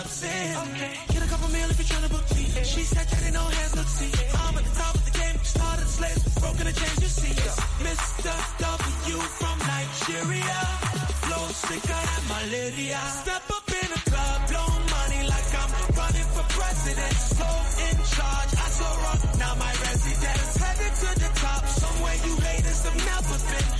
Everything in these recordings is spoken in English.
upset. Okay. Get a couple meal if you're trying to book me. Yeah. She said that ain't no hands, look see. I'm at the top of the game, started slaves, broken the chains, you see. Yeah. Mr. W from Nigeria, flow sicker than malaria. Step up in the club, blow money like I'm running for president. So in charge, I so rock, now my residence. Headed to the top, somewhere you haters have never been.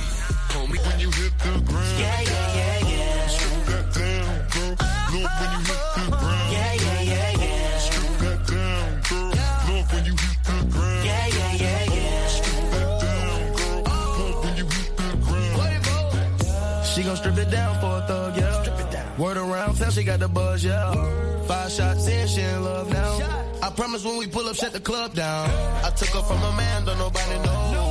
homie, when you hit the ground. Yeah, yeah, yeah, yeah. Screw that down, girl. Love when you hit the ground. Yeah, yeah, yeah, yeah. Screw that down, girl. Love when you hit the ground. Yeah, yeah, yeah, yeah. Screw that down, girl. Love when you hit the ground. She gon' strip it down for a thug, yeah. Strip it down. Word around town, she got the buzz, yeah. Five shots in, she in love now. I promise when we pull up, shut the club down. I took her from a man, don't nobody know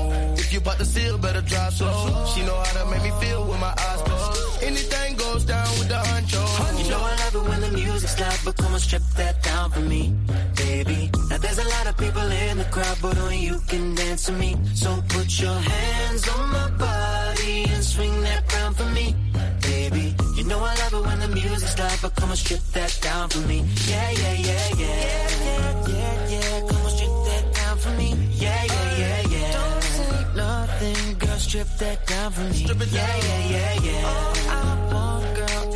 you the to better drive slow. She know how to make me feel with my eyes closed. Anything goes down with the honcho. You know I love it when the music's loud, but come on, strip that down for me, baby. Now there's a lot of people in the crowd, but only you can dance to me. So put your hands on my body and swing that round for me, baby. You know I love it when the music's loud, but come on, strip that down for me. Yeah, yeah, yeah, yeah. Yeah, yeah, yeah. Come on, strip that down for me. Yeah, yeah strip that down for me. Down. Yeah, yeah, yeah, yeah. Oh, girl,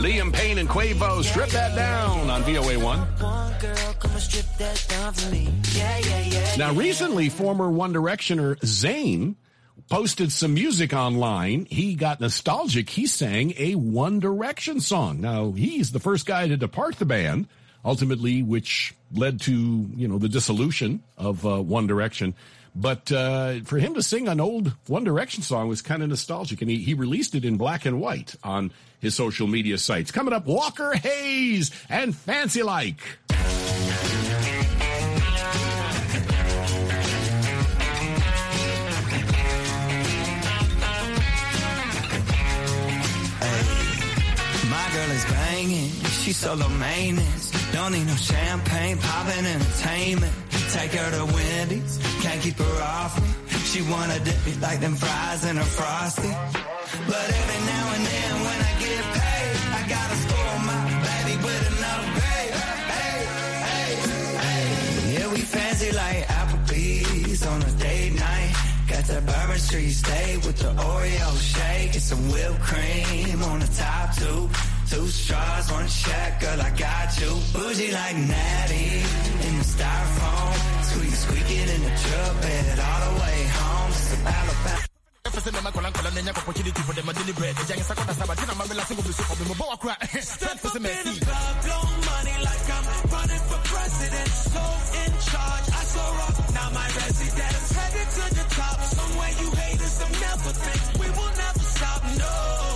Liam Payne and Quavo, strip yeah, that down on VOA1. now, recently, former One Directioner Zayn posted some music online. He got nostalgic. He sang a One Direction song. Now, he's the first guy to depart the band, ultimately, which led to, you know, the dissolution of uh, One Direction. But uh, for him to sing an old One Direction song was kind of nostalgic, and he, he released it in black and white on his social media sites. Coming up, Walker Hayes and Fancy Like. girl is banging. She's solo maintenance. Don't need no champagne, popping entertainment. Take her to Wendy's, can't keep her off me. She wanna dip me like them fries in a frosty. But every now and then when I get paid, I gotta spoil my baby with enough pay. Hey, hey, hey. Yeah, we fancy like Applebee's on a date night. Got that Bourbon Street steak with the Oreo shake and some whipped cream on the top too. Two straws, one shot, girl, I got you. Bougie like Natty in the styrofoam. Squeak, squeaking in the truck bed all the way home. It's a Alabama. Stand up in the club, blow money like I'm running for president. So in charge, I so rock, now my residence. Headed to the top, somewhere you haters have never been. We will never stop, no.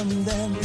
and then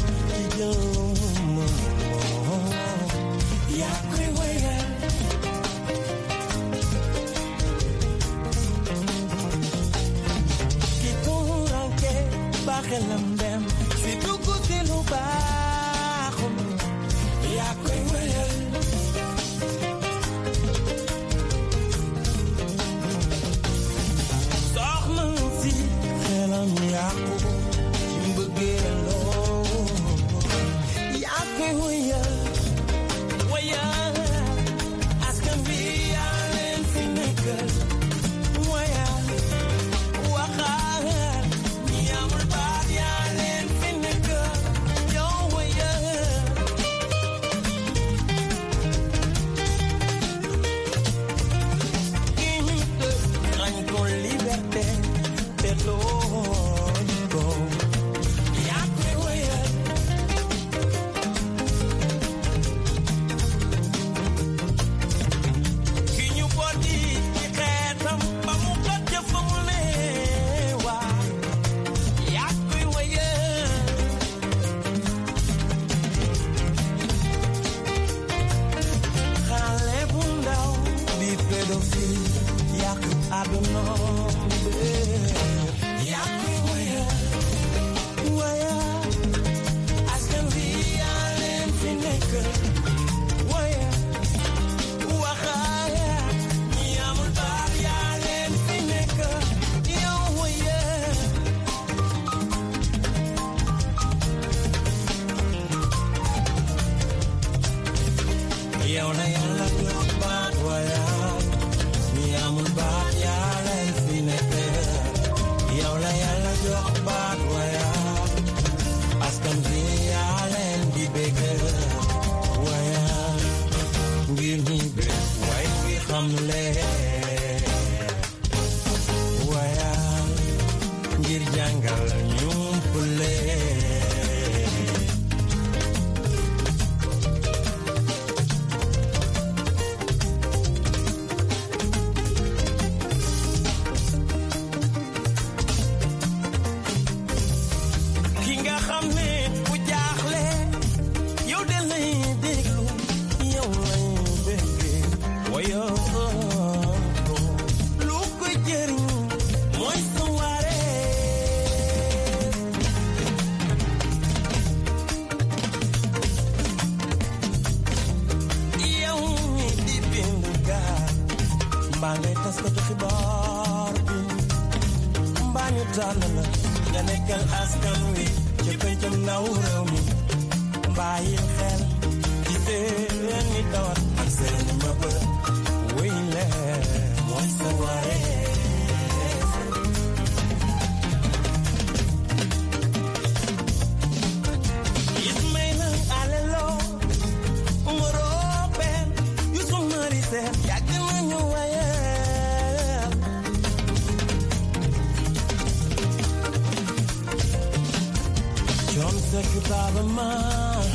ajudava a amar,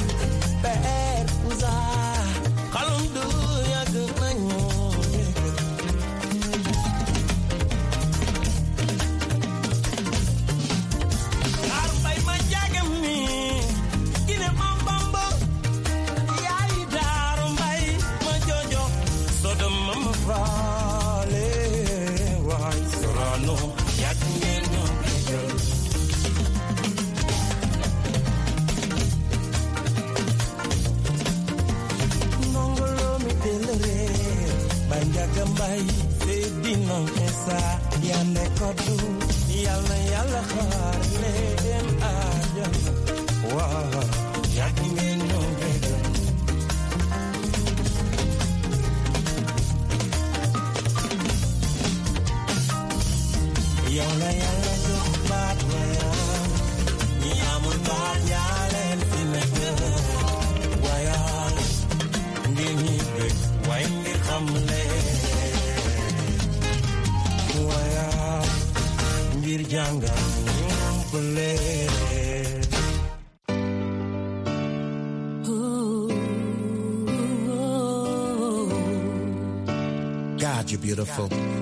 perto usar. I yande ko du janga God, you're beautiful. God.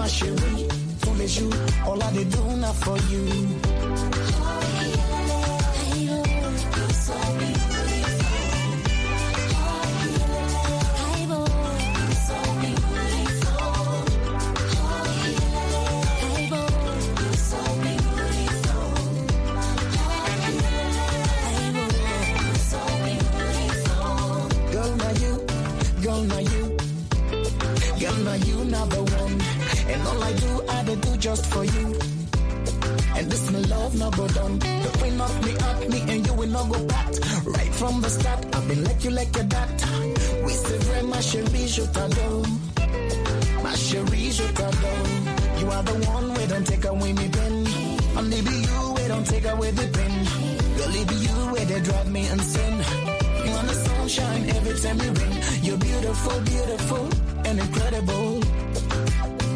my chérie. Tous les jours, all I do now for you. And all I do, I do just for you. And this my love no go down. The way knock me up, me and you will not go back. Right from the start, I've been like you like a dad. We still very my chérie, je t'adore. My chérie, je t'adore. You are the one, we don't take away me pen. I'm leaving you, we don't take away the pen. Girl, it be you, where they drive me insane. You want the sunshine every time you rain. You're beautiful, beautiful, and incredible.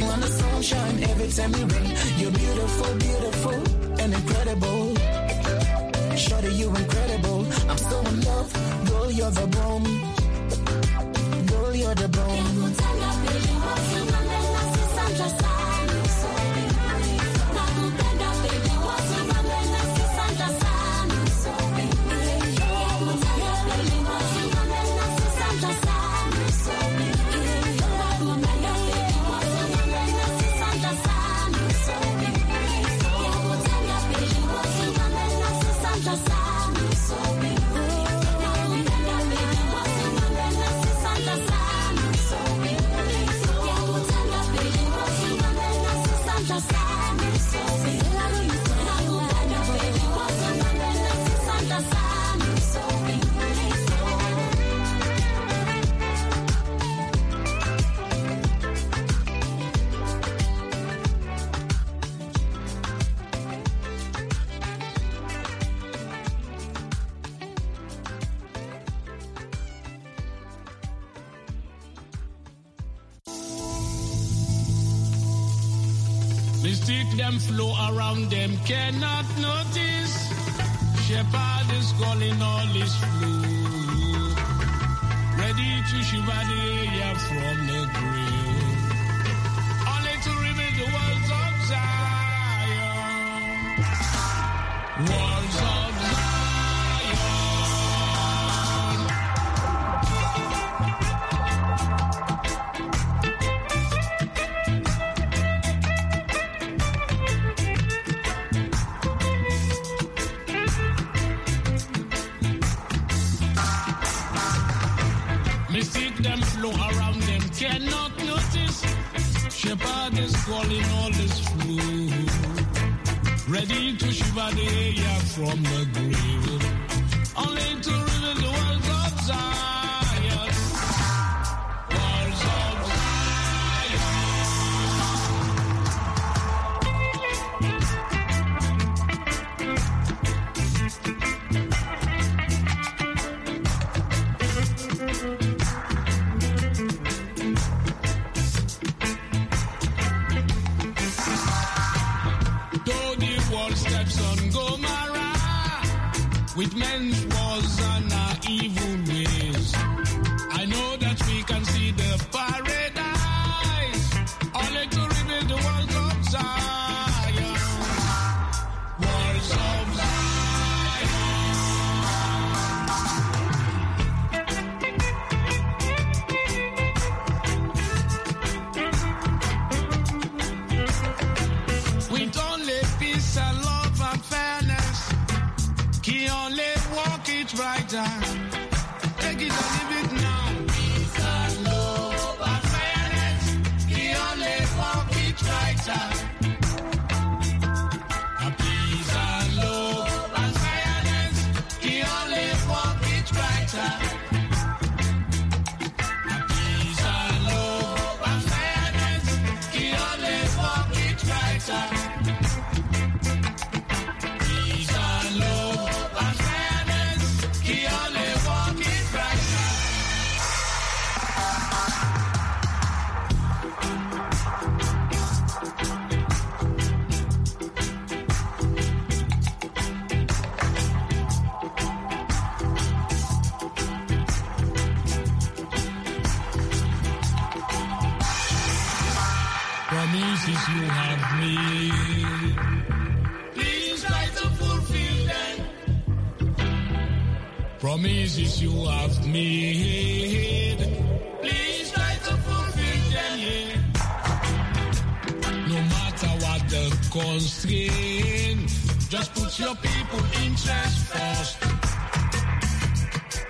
When the sun sunshine every time you rain. You're beautiful, beautiful, and incredible. Shorty, you incredible. I'm so in love. Girl, you're the bomb. Girl, you're the bomb. cannot notice. Shepherd is calling all his flock. Ready to shiver the air from the grill, Only to remain the words of Zion. Whoa. Shepherd is calling all his flock, ready to shiver the air from the grave, only to reveal the world's observe. man's the constraint. Just put your people interest first.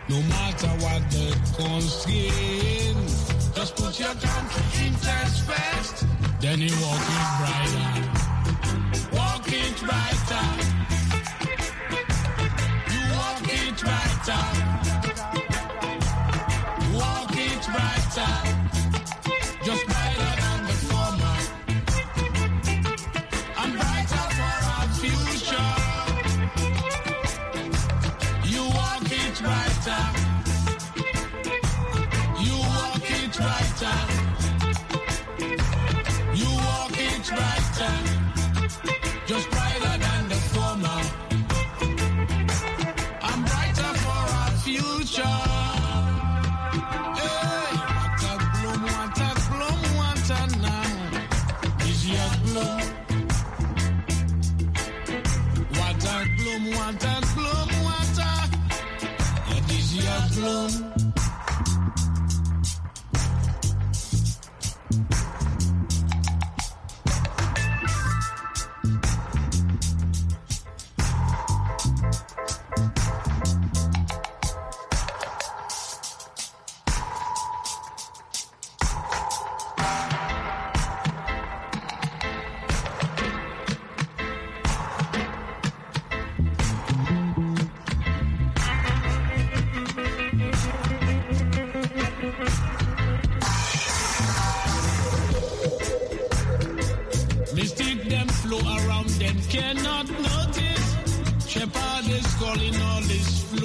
No matter what the constraint, just put your country interest first. Then you walk it brighter, walk it brighter, you walk it brighter.